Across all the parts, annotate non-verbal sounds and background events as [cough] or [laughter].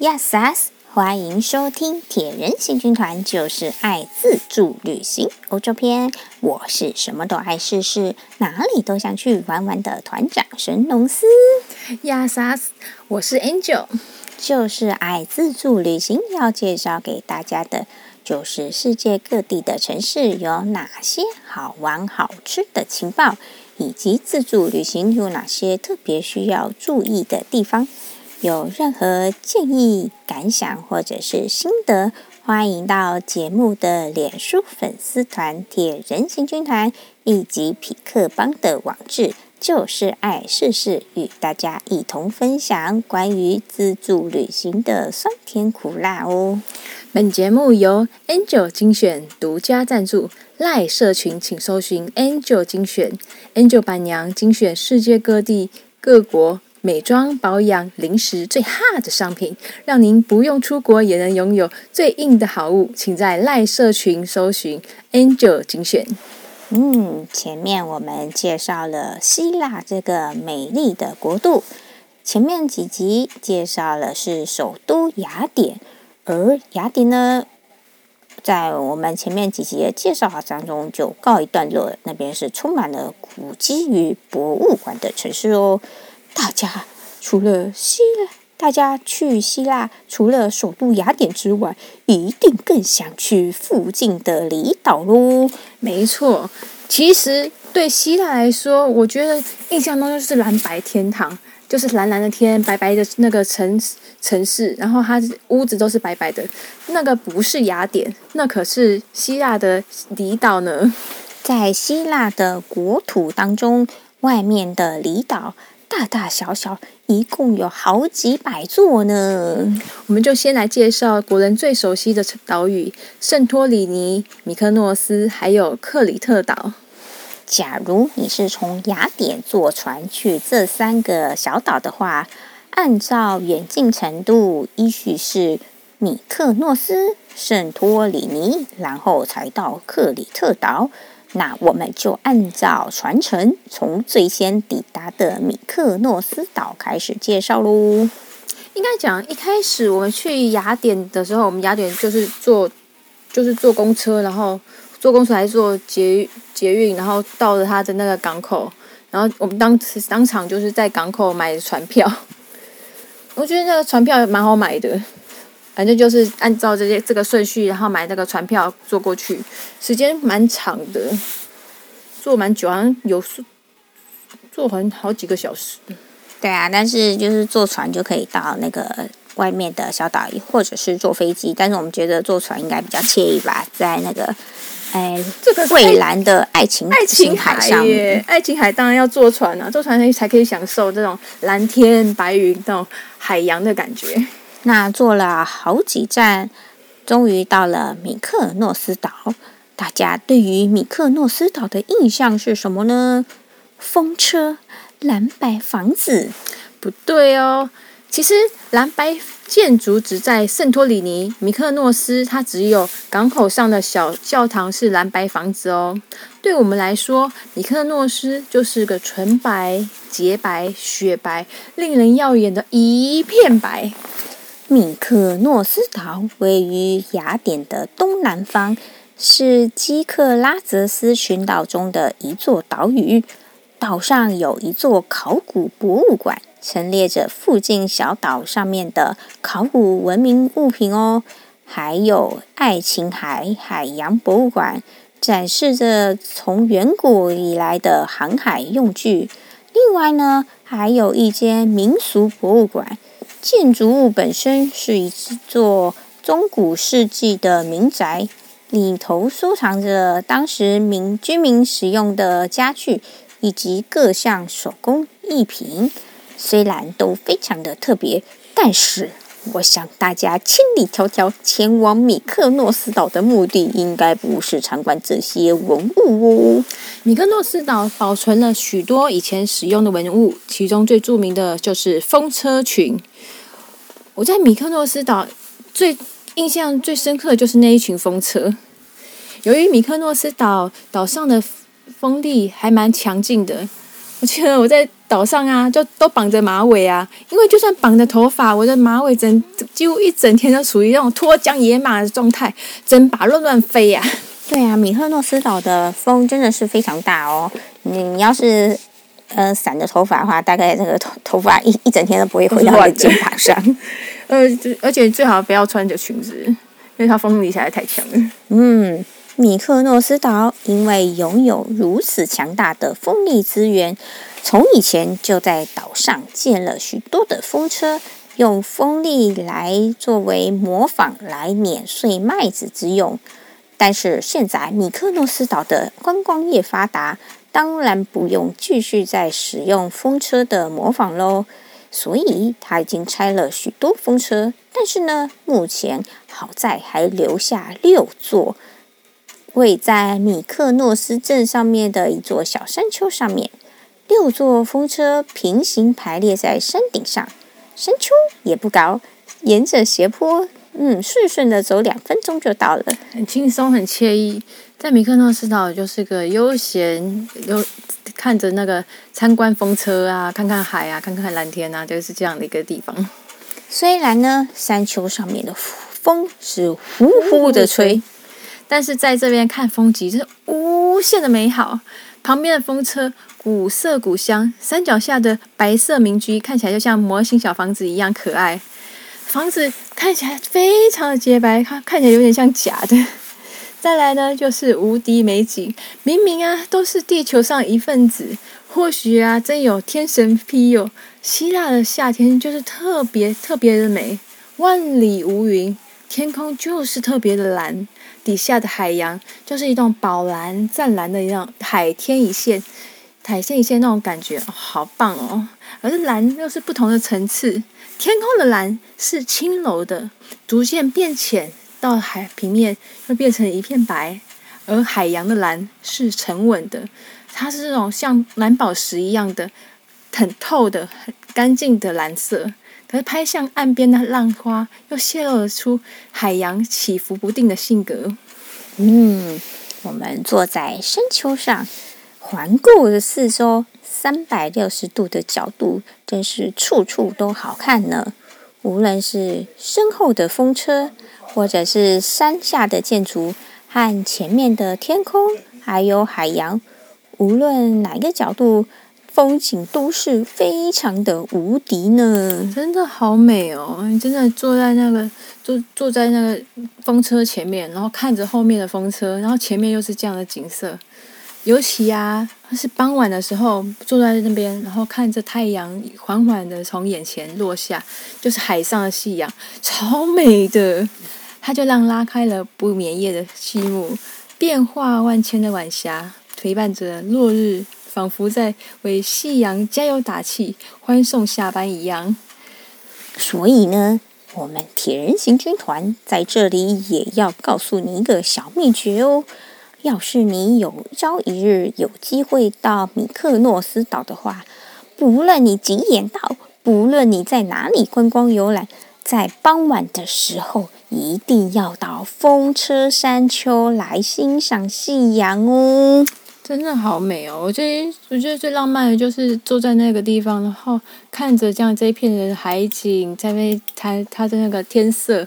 呀薩斯歡迎收聽《鐵人行軍團》，就是愛自助旅行歐洲篇。我是什麼都愛試試，哪裡都想去玩玩的團長神農司。呀薩斯我是 Angel，就是愛自助旅行。要介紹給大家的，就是世界各地的城市有哪些好玩好吃的情報，以及自助旅行有哪些特別需要注意的地方。有任何建議、感想，或者是心得，歡迎到節目的臉書粉絲團“鐵人行軍團”以及匹克幫的網誌，就是愛試試與大家一同分享關於自助旅行的酸甜苦辣哦。本節目由 Angel 精選獨家贊助，賴社群請搜尋 Angel 精選，Angel 板娘精選世界各地各國。美妝保養零食、最 hard 的商品，讓您不用出國也能擁有最硬的好物，請在賴社群搜尋 Angel 精選。嗯，前面我們介紹了希臘這個美麗的國度，前面幾集介紹了是首都雅典，而雅典呢，在我們前面幾集介紹好當中就告一段落，那邊是充滿了古蹟與博物館的城市哦。大家除了希臘，大家去希臘除了首都雅典之外，一定更想去附近的離島咯。沒錯，其實對希臘來說，我覺得印象中就是藍白天堂，就是藍藍的天，白白的那個城城市，然後它屋子都是白白的。那個不是雅典，那可是希臘的離島呢。在希臘的國土當中，外面的離島。大大小小一共有好幾百座呢。我們就先來介紹國人最熟悉的島嶼：聖托里尼、米克諾斯，還有克里特島。假如你是從雅典坐船去這三個小島的話，按照遠近程度，依序是米克諾斯、聖托里尼，然後才到克里特島。那我們就按照傳承，從最先抵達的米克諾斯島開始介紹嘍。應該講一開始我們去雅典的時候，我們雅典就是坐，就是坐公車，然後坐公車來坐捷捷運，然後到了他的那個港口，然後我們當當場就是在港口買船票。我覺得那個船票也蠻好買的。反正就是按照這些這個順序，然後買那個船票坐過去，時間蠻長的，坐蠻久，好像有坐坐好好幾個小時。對啊，但是就是坐船就可以到那個外面的小島嶼，或者是坐飛機。但是我們覺得坐船應該比較愜意吧，在那個哎、呃、這個蔚藍的愛情愛琴海上愛琴海，愛琴海當然要坐船了，啊，坐船才才可以享受這種藍天白雲，那種海洋的感覺。那坐了好幾站，終於到了米克諾斯島。大家對於米克諾斯島的印象是什麼呢？風車、藍白房子？不對哦，其實藍白建築只在聖托里尼，米克諾斯它只有港口上的小教堂是藍白房子哦。對我們來說，米克諾斯就是個純白、潔白、雪白、令人耀眼的一片白。米克諾斯島位於雅典的東南方，是基克拉澤斯群島中的一座島嶼。島上有一座考古博物館，陳列着附近小島上面的考古文明物品哦。還有愛琴海海洋博物館，展示着從遠古以來的航海用具。另外呢，還有一間民俗博物館。建築物本身是一座中古世紀的民宅，裡頭收藏着當時民居民使用的家具以及各項手工藝品。雖然都非常的特別，但是我想大家千里迢迢前往米克諾斯島的目的，應該不是參觀這些文物哦。米克諾斯島保存了許多以前使用的文物，其中最著名的就是風車群。我在米克諾斯島最印象最深刻的就是那一群風車。由於米克諾斯島島上的風力還蠻強勁的，我記得我在島上啊，就都綁着馬尾啊，因為就算綁着頭髮，我的馬尾整幾乎一整天都處於那種脫韁野馬的狀態，整把亂亂飛呀，啊。對啊，米克諾斯島的風真的是非常大哦。你你要是呃散着頭髮的話，大概那個頭頭髮一一整天都不會回到你的肩膀上。 [laughs] 而且最好不要穿着裙子，因為它風力實在太強了。嗯，米克諾斯島因為擁有如此強大的風力資源，從以前就在島上建了許多的風車，用風力來作為磨坊，來碾碎麥子之用。但是現在米克諾斯島的觀光業發達，當然不用繼續再使用風車的磨坊嘍。所以他已經拆了許多風車，但是呢,目前好在還留下六座，位在米克諾斯鎮上面的一座小山丘上面。六座風車平行排列在山頂上，山丘也不高，沿着斜坡，嗯，順順的走兩分鐘就到了，很輕鬆，很愜意。在米克諾斯島就是個悠閒悠。看着那個參觀風車啊，看看海啊，看看藍天啊，就是這樣的一個地方。雖然呢，山丘上面的風是呼呼的吹，但是在這邊看風景真、就是無限的美好。旁邊的風車古色古香，山腳下的白色民居看起來就像模型小房子一樣可愛。房子看起來非常的潔白，它看,看起來有點像假的。再來呢，就是無敵美景。明明啊，都是地球上一份子，或許啊，真有天神庇佑。希臘的夏天就是特別特別的美，萬里無雲，天空就是特別的藍，底下的海洋就是一種寶藍、湛藍的一樣，海天一線，海線一線那種感覺，好棒哦。而藍又是不同的層次，天空的藍是輕柔的，逐漸變淺。到海平面又變成一片白，而海洋的藍是沉穩的，它是這種像藍寶石一樣的、很透的、很乾淨的藍色。可是拍向岸邊的浪花又洩露了出海洋起伏不定的性格。嗯，我們坐在山丘上環顧的四周，三百六十度的角度真是處處都好看呢。無論是身後的風車。或者是山下的建築和前面的天空，還有海洋，無論哪個角度，風景都是非常的無敵呢。真的好美哦！你真的坐在那個坐坐在那個風車前面，然後看着後面的風車，然後前面又是這樣的景色。尤其啊，是傍晚的時候坐在那邊，然後看着太陽緩緩的從眼前落下，就是海上的夕陽，超美的。他就讓拉開了不眠夜的序幕，變化萬千的晚霞陪伴着落日，仿佛在為夕陽加油打氣，歡送下班一樣。所以呢，我們鐵人行軍團在這裡也要告訴你一個小秘訣哦：要是你有朝一日有機會到米克諾斯島的話，不論你幾點到，不論你在哪裡觀光遊覽，在傍晚的時候。一定要到風車山丘來欣賞夕陽哦！真的好美哦！我覺得，我覺得最浪漫的就是坐在那個地方，然後看着這樣這一片的海景，在那它它的那個天色，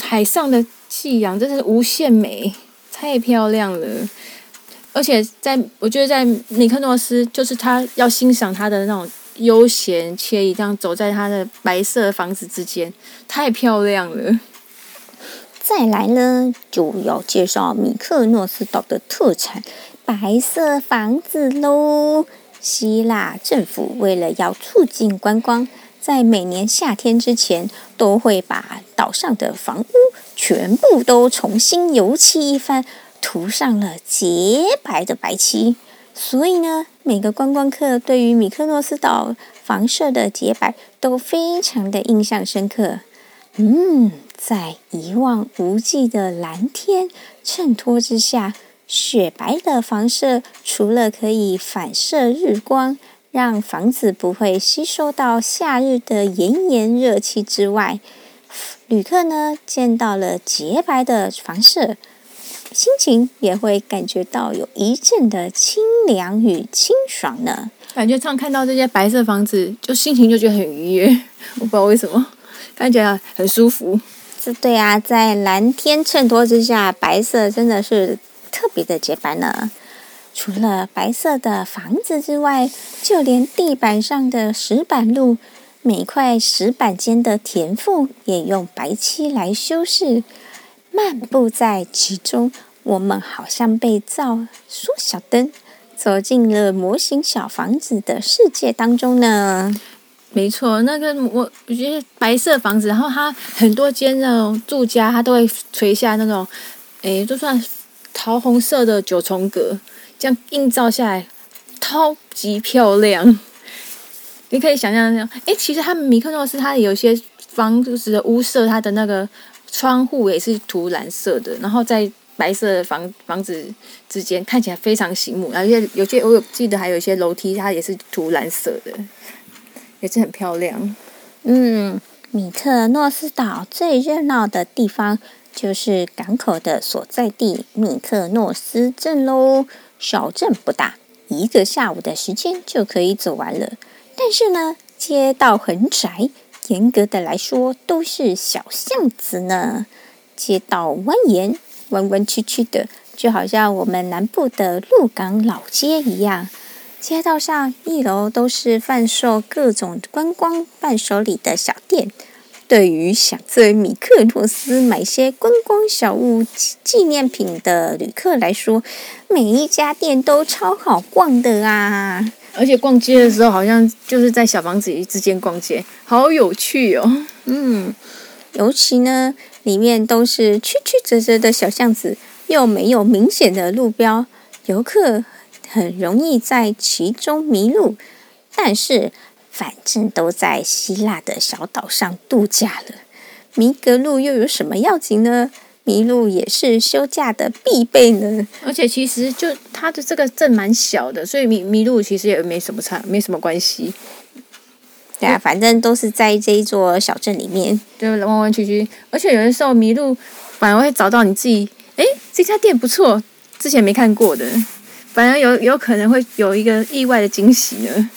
海上的夕陽，真的是無限美，太漂亮了。而且在我覺得在米克諾斯，就是他要欣賞他的那種。悠閒愜意，這樣走在它的白色的房子之間，太漂亮了。再來呢，就要介紹米克諾斯島的特產——白色房子嘍。希臘政府為了要促進觀光，在每年夏天之前，都會把島上的房屋全部都重新油漆一番，塗上了潔白的白漆。所以呢，每個觀光客對於米克諾斯島房舍的潔白都非常的印象深刻。嗯，在一望無際的藍天襯托之下，雪白的房舍除了可以反射日光，讓房子不會吸收到夏日的炎炎熱氣之外，旅客呢，見到了潔白的房舍。心情也會感覺到有一陣的清涼與清爽呢。感覺上看到這些白色房子，就心情就覺得很愉悅。我不知道為什麼，感覺很舒服。這對啊，在藍天襯托之下，白色真的是特別的潔白呢。除了白色的房子之外，就連地板上的石板路，每塊石板間的填縫也用白漆來修飾。漫步在其中，我們好像被照縮小燈走進了模型小房子的世界當中呢。沒錯，那個我有些白色房子，然後它很多間那種住家，它都會垂下那種，哎，就算桃紅色的九重葛，這樣映照下來超級漂亮。你可以想象那樣，哎，其實它米克諾斯，它有些房子的屋舍，它的那個。窗戶也是塗藍色的，然後在白色的房房子之間看起來非常醒目，而且有些我有記得還有一些樓梯它也是塗藍色的，也是很漂亮。嗯，米克諾斯島最熱鬧的地方就是港口的所在地米克諾斯鎮嘍。小鎮不大，一個下午的時間就可以走完了，但是呢，街道很窄。嚴格的來說，都是小巷子呢。街道蜿蜒，彎彎曲曲的，就好像我們南部的鹿港老街一樣。街道上一樓都是販售各種觀光伴手禮的小店。對於想在米克諾斯買些觀光小物、紀念品的旅客來說，每一家店都超好逛的啊！而且逛街的時候，好像就是在小房子之間逛街，好有趣哦。嗯，尤其呢，裡面都是曲曲折折的小巷子，又沒有明顯的路標，遊客很容易在其中迷路。但是，反正都在希臘的小島上度假了，迷個路又有什麼要緊呢？迷路也是休假的必備呢，而且其實就它的這個鎮蠻小的，所以迷迷路其實也沒什麼差，沒什麼關係。對啊，反正都是在這一座小鎮裡面，對，彎彎曲曲。而且有的時候迷路反而會找到你自己，哎，這家店不錯，之前沒看過的，反而有有可能會有一個意外的驚喜呢。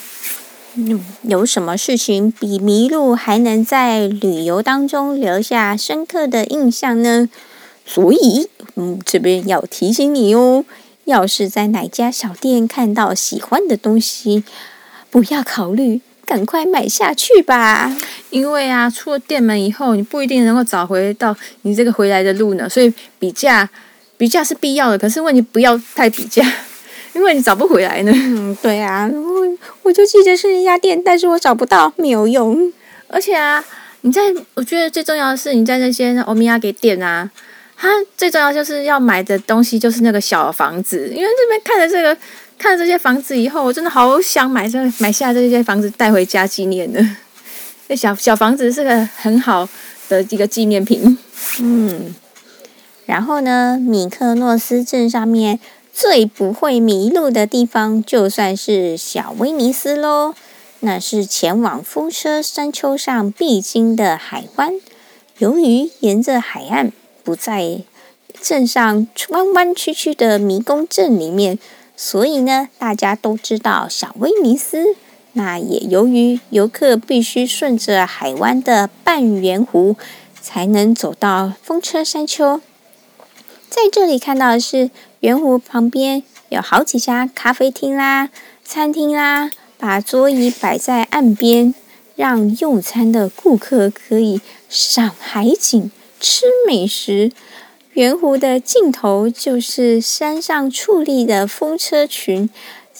嗯，有什麼事情比迷路還能在旅遊當中留下深刻的印象呢？所以，嗯，這邊要提醒你哦，要是在哪家小店看到喜歡的東西，不要考慮，趕快買下去吧。因為啊，出了店門以後，你不一定能夠找回到你這個回來的路呢。所以比價，比價是必要的，可是問題不要太比價，因為你找不回來呢。嗯，對啊，我我就記得是一家店，但是我找不到，沒有用。而且啊，你在，我覺得最重要的是你在那些歐米亞給店啊。他最重要就是要買的東西就是那個小房子，因為這邊看了這個看了這些房子以後，我真的好想買這買下這些房子帶回家紀念呢。那小小房子是個很好的一個紀念品。嗯，然後呢，米克諾斯鎮上面最不會迷路的地方，就算是小威尼斯嘍。那是前往風車山丘上必經的海灣，由於沿着海岸。不在鎮上彎彎曲曲的迷宮鎮裡面，所以呢，大家都知道小威尼斯。那也由於遊客必須順着海灣的半圓弧才能走到風車山丘，在這裡看到的是圓弧旁邊有好幾家咖啡廳啦、餐廳啦，把桌椅擺在岸邊，讓用餐的顧客可以賞海景。吃美食，圓弧的盡頭就是山上矗立的風車群，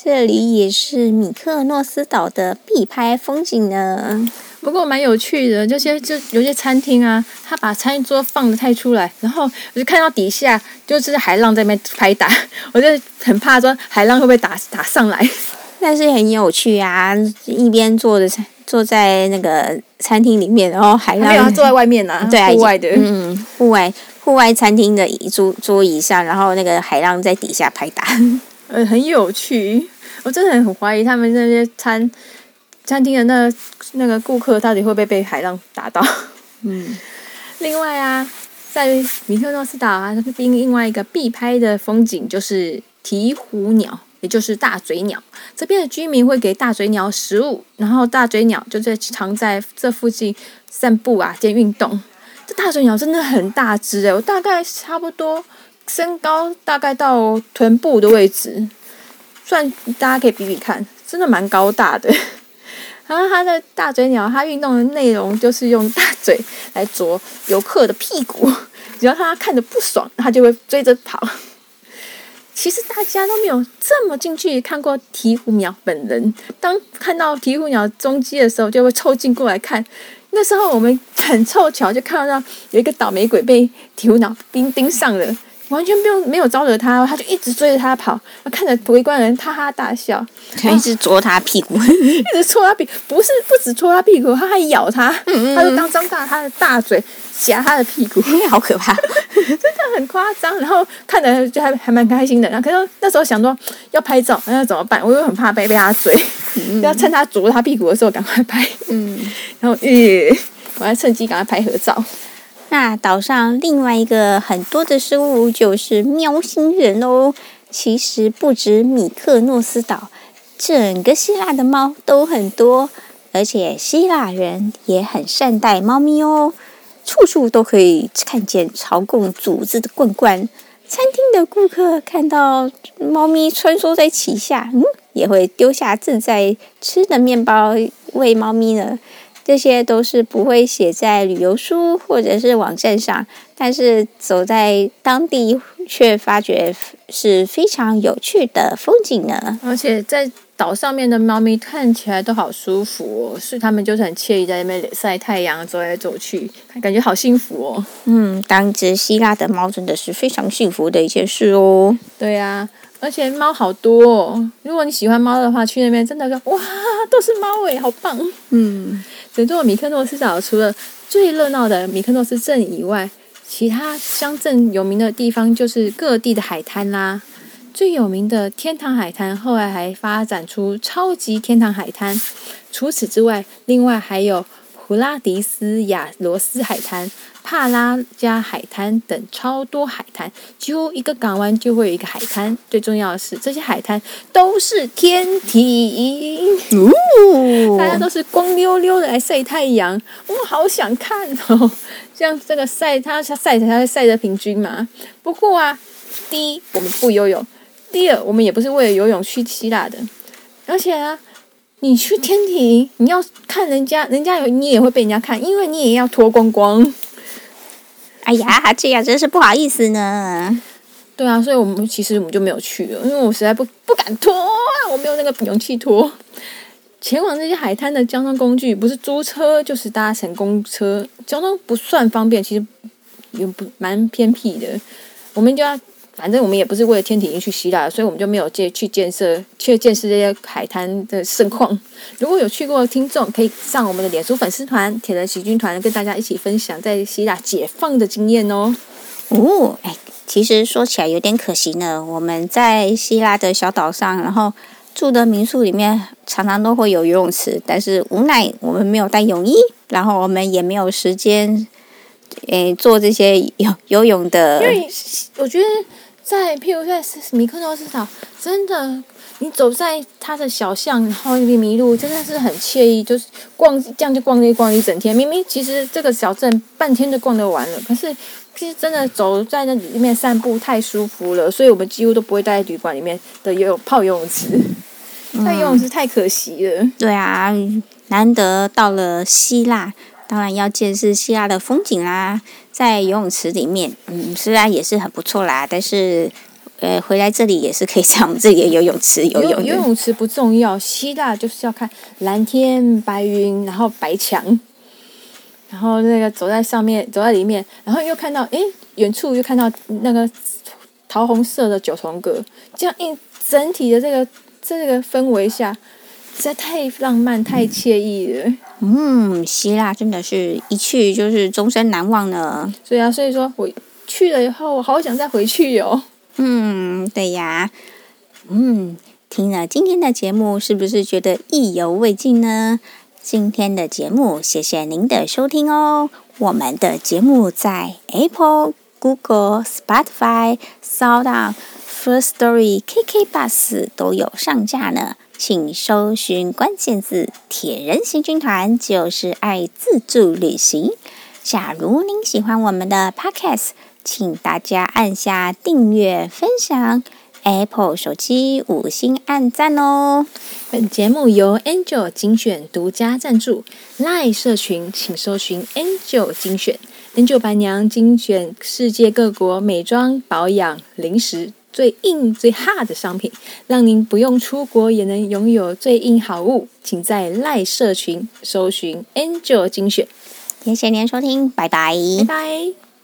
這裡也是米克諾斯島的必拍風景呢。不過蠻有趣的，這些就有些餐廳啊，他把餐桌放得太出來，然後我就看到底下就是海浪在那邊拍打，我就很怕說海浪會不會打打上來。但是很有趣啊，一邊坐着坐在那個餐廳裡面，然後海浪沒有， [laughs] 坐在外面呢、啊嗯、對啊，戶外的，嗯，戶外戶外餐廳的椅桌桌椅上，然後那個海浪在底下拍打，呃、嗯，很有趣。我真的很懷疑他們那些餐餐廳的那個、那個顧客到底會不會被海浪打到？嗯。另外啊，在米克諾斯島啊，那邊另外一個必拍的風景就是鵜鶘鳥。也就是大嘴鳥，這邊的居民會給大嘴鳥食物，然後大嘴鳥就在常在這附近散步啊，兼運動。這大嘴鳥真的很大只哎、欸，我大概差不多身高大概到臀部的位置，算大家可以比比看，真的蠻高大的。然後它的大嘴鳥，它運動的內容就是用大嘴來啄遊客的屁股，只要他看着不爽，他就會追着跑。其實大家都沒有這麼近距離看過鵜鶘鳥本人。當看到鵜鶘鳥蹤跡的時候，就會湊近過來看。那時候我們很湊巧就看到有一個倒霉鬼被鵜鶘鳥叮盯上了，完全不用沒有招惹它，它就一直追着它跑。我看着圍觀的人哈哈大笑，還一直啄它屁股，哦、 [laughs] 一直戳它屁，不是不止戳它屁股，它還咬它，它、嗯嗯、就當張大它的大嘴。夾他的屁股，欸、好可怕， [laughs] 真的很誇張。然後看着就還還蠻開心的。然後可是那時候想說要拍照，那怎麼辦？我又很怕被被他追，嗯、要趁他啄他屁股的時候趕快拍。嗯，然後耶、欸，我要趁機趕快拍合照。那島上另外一個很多的生物就是喵星人哦。其實不止米克諾斯島，整個希臘的貓都很多，而且希臘人也很善待貓咪哦。處處都可以看見朝貢主子的罐罐，餐廳的顧客看到貓咪穿梭在旗下，嗯，也會丟下正在吃的麵包餵貓咪呢。這些都是不會寫在旅遊書或者是網站上，但是走在當地卻發覺是非常有趣的風景呢。而且在。島上面的貓咪看起來都好舒服，哦，是它們就是很愜意在那邊曬太陽，走來走去，感覺好幸福哦。嗯，當只希臘的貓真的是非常幸福的一件事哦。對呀、啊，而且貓好多、哦，如果你喜歡貓的話，去那邊真的就哇，都是貓誒，好棒。嗯，整座米克諾斯島除了最熱鬧的米克諾斯鎮以外，其他鄉鎮有名的地方就是各地的海灘啦、啊。最有名的天堂海灘，後來還發展出超級天堂海灘。除此之外，另外還有普拉迪斯亞羅斯海灘、帕拉加海灘等超多海灘，幾乎一個港灣就會有一個海灘。最重要的是，這些海灘都是天體，哦、大家都是光溜溜的來曬太陽。我好想看哦，像這，這個曬它曬它曬得平均嘛。不過啊，第一我們不游泳。第二，我們也不是為了游泳去希臘的，而且啊，你去天體，你要看人家，人家有你也會被人家看，因為你也要脫光光。哎呀，這樣真是不好意思呢。對啊，所以我們其實我們就沒有去了，因為我實在不不敢脫，我沒有那個勇氣脫。前往那些海灘的交通工具不是租車就是搭乘公車，交通不算方便，其實也不蠻偏僻的，我們就要。反正我們也不是為了天體營去希臘，所以我們就沒有見去建設，去見識這些海灘的盛況。如果有去過的聽眾，可以上我們的臉書粉絲團“鐵人行軍團”跟大家一起分享在希臘解放的經驗哦。哦，哎，其實說起來有點可惜呢。我們在希臘的小島上，然後住的民宿裡面常常都會有游泳池，但是無奈我們沒有帶泳衣，然後我們也沒有時間，誒，做這些游游泳的。因為我覺得。在，譬如在米克諾斯島，真的，你走在他的小巷，然後那邊迷路，真的是很愜意，就是逛這樣就逛一逛一整天。明明其實這個小鎮半天就逛得完了，可是其實真的走在那裡面散步太舒服了，所以我們幾乎都不會待在旅館裡面的游泳泡游泳池，泡、嗯、游泳池太可惜了。對啊，難得到了希臘。當然要見識希臘的風景啦，在游泳池裡面，嗯，雖然也是很不錯啦，但是，呃，回來這裡也是可以在我們這裡的游泳池游泳游。游泳池不重要，希臘就是要看藍天白雲，然後白牆，然後那個走在上面，走在裡面，然後又看到，哎、欸，遠處又看到那個桃紅色的九重葛，這樣一整體的這個這個氛圍下。這太浪漫，太愜意了。嗯，希臘真的是，一去就是終身難忘呢。對啊，所以說回，我去了以後，我好想再回去喲、哦。嗯，對呀。嗯，聽了今天的節目，是不是覺得意猶未盡呢？今天的節目，謝謝您的收聽哦。我們的節目在 Apple、Google、Spotify、SoundOn。First Story KK Bus 都有上架呢，請搜尋關鍵字“鐵人行軍團”，就是愛自助旅行。假如您喜歡我們的 Podcast，請大家按下訂閱、分享。Apple 手機五星按讚哦。本節目由 Angel 精選獨家贊助。LINE 社群請搜尋 Angel 精選，Angel 白娘精選世界各國美妝、保養、零食。最硬最 hard 的商品，讓您不用出國也能擁有最硬好物，請在賴社群搜尋 Angel 精選。謝謝您收聽，拜拜，拜拜。